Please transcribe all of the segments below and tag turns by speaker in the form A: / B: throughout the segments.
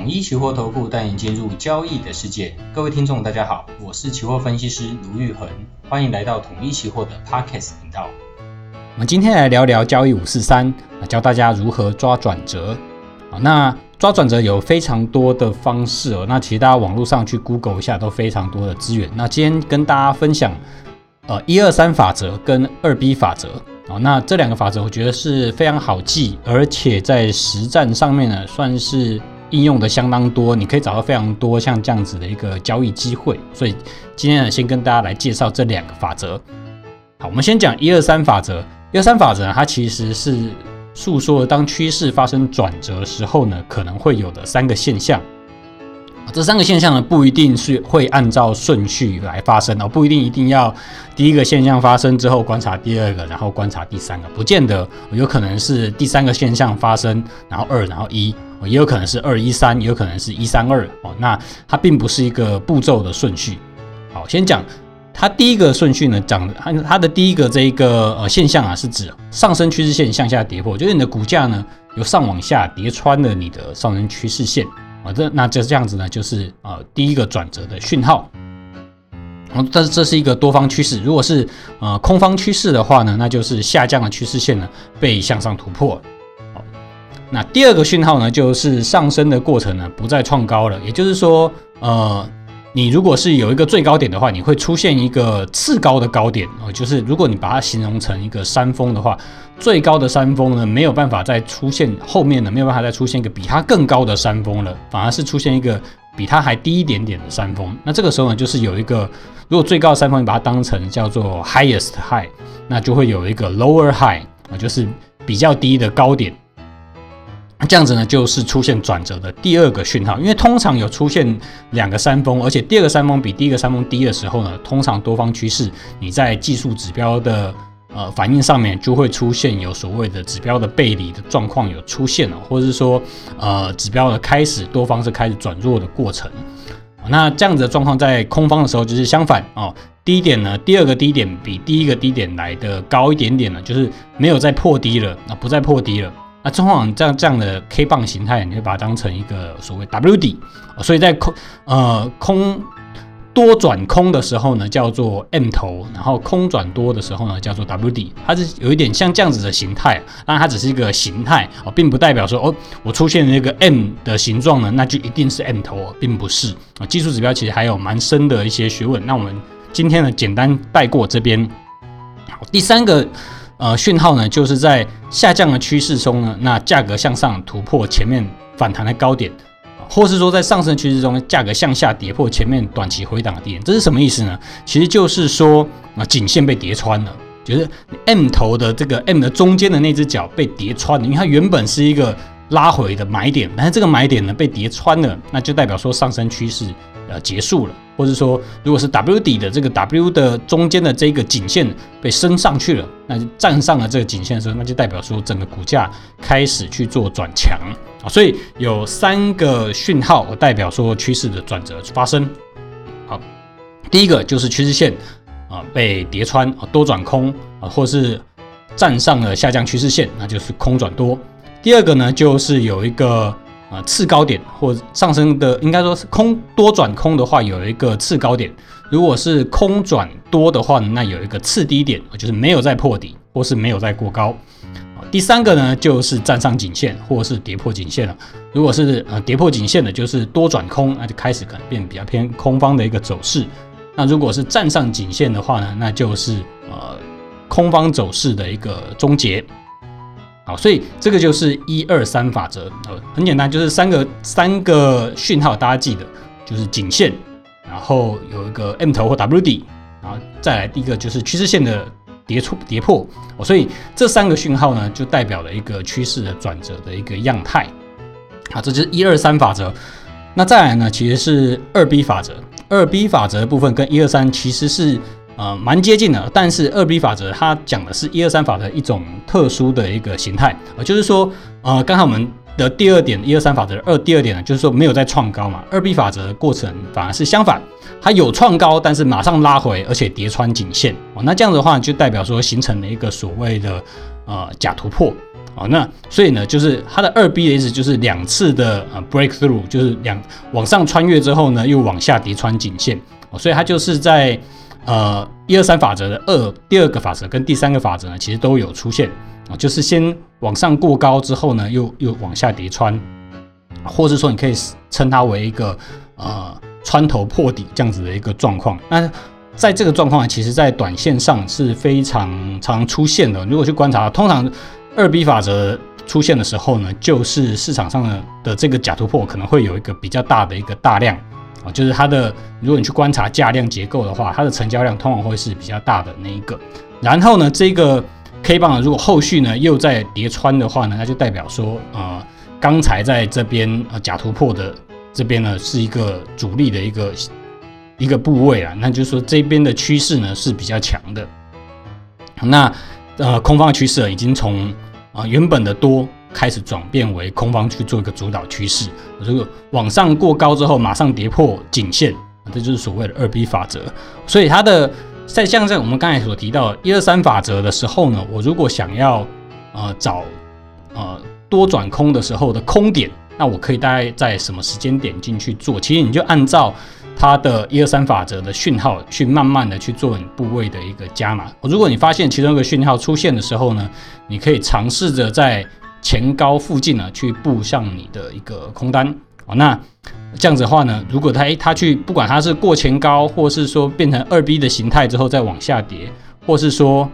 A: 統一期貨投庫帶你進入交易的世界。各位聽眾，大家好，我是期貨分析師盧玉恆，歡迎來到統一期貨的 Podcast 頻道。我們今天來聊聊交易五四三，教大家如何抓轉折。那抓轉折有非常多的方式哦。那其實大家網絡上去 Google 一下，都非常多的資源。那今天跟大家分享呃一二三法則跟二 B 法則。好，那這兩個法則我覺得是非常好記，而且在實戰上面呢，算是。應用的相當多，你可以找到非常多像這樣子的一個交易機會。所以今天呢，先跟大家來介紹這兩個法則。好，我們先講一二三法則。一二三法則呢，它其實是訴說當趨勢發生轉折的時候呢，可能會有的三個現象。這三個現象呢，不一定是會按照順序來發生的，不一定一定要第一個現象發生之後觀察第二個，然後觀察第三個，不見得，有可能是第三個現象發生，然後二，然後一。也有可能是二一三，也有可能是一三二哦。那它並不是一個步驟的順序。好，先講它第一個順序呢，講的它的第一個這一個呃現象啊，是指上升趨勢線向下跌破，就是你的股價呢由上往下跌穿了你的上升趨勢線啊。這那就這樣子呢，就是呃第一個轉折的訊號。哦，但是這是一個多方趨勢，如果是呃空方趨勢的話呢，那就是下降的趨勢線呢被向上突破。那第二個訊號呢，就是上升的過程呢不再創高了。也就是說，呃，你如果是有一個最高點的話，你會出現一個次高的高點哦，就是如果你把它形容成一個山峰的話，最高的山峰呢沒有辦法再出現，後面呢沒有辦法再出現一個比它更高的山峰了，反而是出現一個比它還低一點點的山峰。那這個時候呢，就是有一個，如果最高的山峰你把它當成叫做 highest high，那就會有一個 lower high 啊，就是比較低的高點。這樣子呢，就是出現轉折的第二個訊號，因為通常有出現兩個山峰，而且第二個山峰比第一個山峰低的時候呢，通常多方趨勢，你在技術指標的呃反應上面就會出現有所謂的指標的背離的狀況有出現了，或者是說呃指標的開始多方是開始轉弱的過程。那這樣子的狀況在空方的時候就是相反哦，低點呢，第二個低點比第一個低點來得高一點點呢，就是沒有再破低了，那不再破低了。那通常這樣這樣的 K 棒形態，你會把它當成一個所謂 W 底，所以在空呃空多轉空的時候呢，叫做 M 頭，然後空轉多的時候呢，叫做 W 底，它是有一點像這樣子的形態，當然它只是一個形態啊，並不代表說哦我出現那個 M 的形狀呢，那就一定是 M 頭，並不是啊。技術指標其實還有蠻深的一些學問，那我們今天呢簡單帶過這邊。好，第三個。呃，訊號呢，就是在下降的趨勢中呢，那價格向上突破前面反彈的高點，或是說在上升趨勢中，價格向下跌破前面短期回檔的低點，這是什麼意思呢？其實就是說啊，呃，頸線被跌穿了，就是 M 頭的這個 M 的中間的那隻腳被跌穿了，因為它原本是一個。拉回的買點，但是這個買點呢被跌穿了，那就代表說上升趨勢呃結束了，或者說如果是 W 底的這個 W 的中間的這個頸線被升上去了，那就站上了這個頸線的時候，那就代表說整個股價開始去做轉強啊，所以有三個訊號代表說趨勢的轉折發生。好，第一個就是趨勢線啊被跌穿啊，多轉空啊，或是站上了下降趨勢線，那就是空轉多。第二個呢，就是有一個啊、呃、次高點，或上升的應該說是空多轉空的話，有一個次高點；如果是空轉多的話呢，那有一個次低點，就是沒有再破底，或是沒有再過高。第三個呢，就是站上頸線，或是跌破頸線了。如果是呃跌破頸線的，就是多轉空，那就開始可能變比較偏空方的一個走勢。那如果是站上頸線的話呢，那就是呃空方走勢的一個終結。所以這個就是一二三法則，呃，很簡單，就是三個三個訊號，大家記得，就是頸線，然後有一個 M 頭或 W 底，然後再來第一個就是趨勢線的跌出、跌破，哦，所以這三個訊號呢，就代表了一個趨勢的轉折的一個樣態。好，這就是一二三法則。那再來呢，其實是二 B 法則，二 B 法則的部分跟一二三其實是。呃，蠻接近的，但是二 B 法則它講的是一二三法則一種特殊的一個形態，呃，就是說，呃，剛好我們的第二點一二三法則二第二點呢，就是說沒有再創高嘛，二 B 法則的過程反而是相反，它有創高，但是馬上拉回，而且跌穿頸線哦，那這樣的話就代表說形成了一個所謂的呃假突破哦，那所以呢，就是它的二 B 的意思就是兩次的呃 breakthrough，就是兩往上穿越之後呢，又往下跌穿頸線哦，所以它就是在。呃，一二三法則的二第二個法則跟第三個法則呢，其實都有出現啊，就是先往上過高之後呢，又又往下跌穿，或是說你可以稱它為一個呃穿頭破底這樣子的一個狀況。那在這個狀況呢，其實在短線上是非常常出現的。如果去觀察，通常 2B 法則出現的時候呢，就是市場上的的這個假突破可能會有一個比較大的一個大量。啊，就是它的，如果你去觀察價量結構的話，它的成交量通常會是比較大的那一個。然後呢，這個 K 棒如果後續呢又再跌穿的話呢，那就代表說，呃，剛才在這邊呃假突破的這邊呢，是一個主力的一個一個部位啊，那就是說，這邊的趨勢呢是比較強的。那呃，空方的趨勢已經從啊、呃、原本的多。開始轉變為空方去做一個主導趨勢，這個往上過高之後馬上跌破頸線，這就是所謂的 2B 法則。所以它的在像在我們剛才所提到的一二三法則的時候呢，我如果想要呃找呃多轉空的時候的空點，那我可以大概在什麼時間點進去做？其實你就按照它的一二三法則的訊號去慢慢的去做你部位的一個加碼。如果你發現其中一個訊號出現的時候呢，你可以嘗試着在前高附近呢，去布上你的一個空單哦。那這樣子的話呢，如果它哎它去不管它是過前高，或是說變成 2B 的形態之後再往下跌，或是說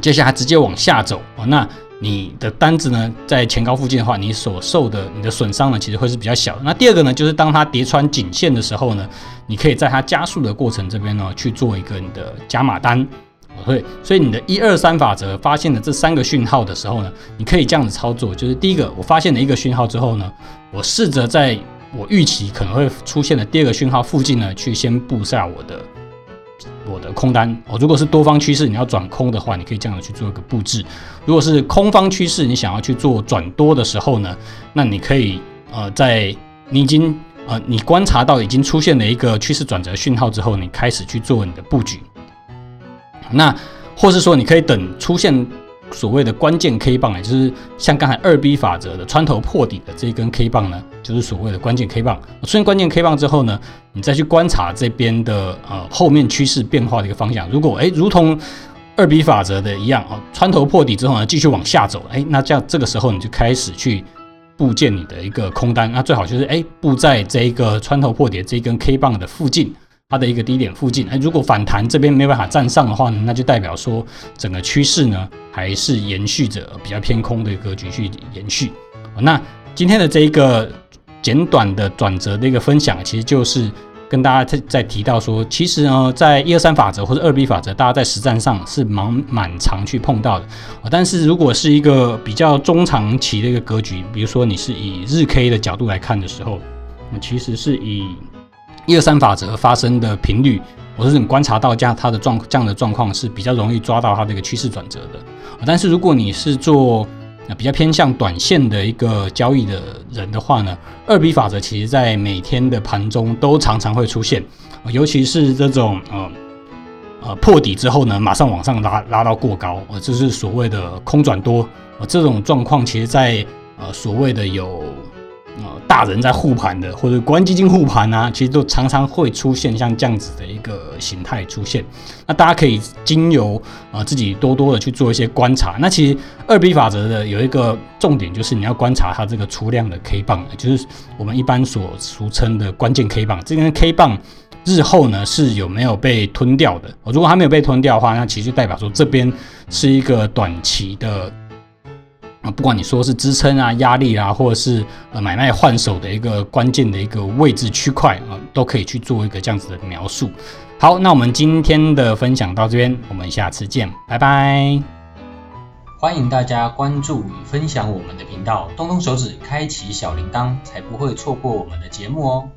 A: 接下來直接往下走哦，那你的單子呢在前高附近的話，你所受的你的損傷呢其實會是比較小的。那第二個呢，就是當它跌穿頸線的時候呢，你可以在它加速的過程這邊呢去做一個你的加碼單。對，所以你的一二三法則發現了這三個訊號的時候呢，你可以這樣子操作，就是第一個，我發現了一個訊號之後呢，我試着在我預期可能會出現的第二個訊號附近呢，去先布下我的我的空單。哦，如果是多方趨勢，你要轉空的話，你可以這樣子去做一個布置；如果是空方趨勢，你想要去做轉多的時候呢，那你可以呃，在你已經呃，你觀察到已經出現了一個趨勢轉折訊號之後，你開始去做你的布局。那，或是說你可以等出現所謂的關鍵 K 棒哎，就是像剛才二 B 法則的穿頭破底的這一根 K 棒呢，就是所謂的關鍵 K 棒。出現關鍵 K 棒之後呢，你再去觀察這邊的呃後面趨勢變化的一個方向。如果誒如同二 B 法則的一樣哦，穿頭破底之後呢，繼續往下走，誒，那這樣這個時候你就開始去布建你的一個空單。那最好就是誒，布在這一個穿頭破底的這一根 K 棒的附近，它的一個低點附近，如果反彈這邊沒辦法站上的話呢，那就代表說整個趨勢呢還是延續着比較偏空的一個格局去延續。那今天的這一個簡短的轉折的一個分享，其實就是跟大家再再提到說，其實呢，在一二三法則或者二 B 法則，大家在實戰上是蠻蠻常去碰到的。但是如果是一個比較中長期的一個格局，比如說你是以日 K 的角度來看的時候，那其實是以。一二三法則發生的頻率，我、就是你觀察到這樣它的狀這樣的狀況是比較容易抓到它的一個趨勢轉折的。但是如果你是做比較偏向短線的一個交易的人的話呢，2B 法則其實在每天的盤中都常常會出現，尤其是這種呃呃破底之後呢，馬上往上拉，拉到過高，呃，就是所謂的空轉多，呃，這種狀況其實在呃所謂的有。呃，大人在護盤的，或者國安基金護盤啊，其實都常常會出現像這樣子的一個形態出現。那大家可以經由啊、呃、自己多多的去做一些觀察。那其實二 B 法則的有一個重點就是你要觀察它這個出量的 K 棒，就是我們一般所俗稱的關鍵 K 棒。這根 K 棒日後呢是有沒有被吞掉的、呃？如果它沒有被吞掉的話，那其實就代表說這邊是一個短期的。不管你說是支撐啊、壓力啊，或者是呃買賣換手的一個關鍵的一個位置區塊啊，都可以去做一個這樣子的描述。好，那我們今天的分享到這邊，我們下次見，拜拜！歡迎大家關注與分享我們的頻道，動動手指開啟小鈴鐺，才不會錯過我們的節目哦。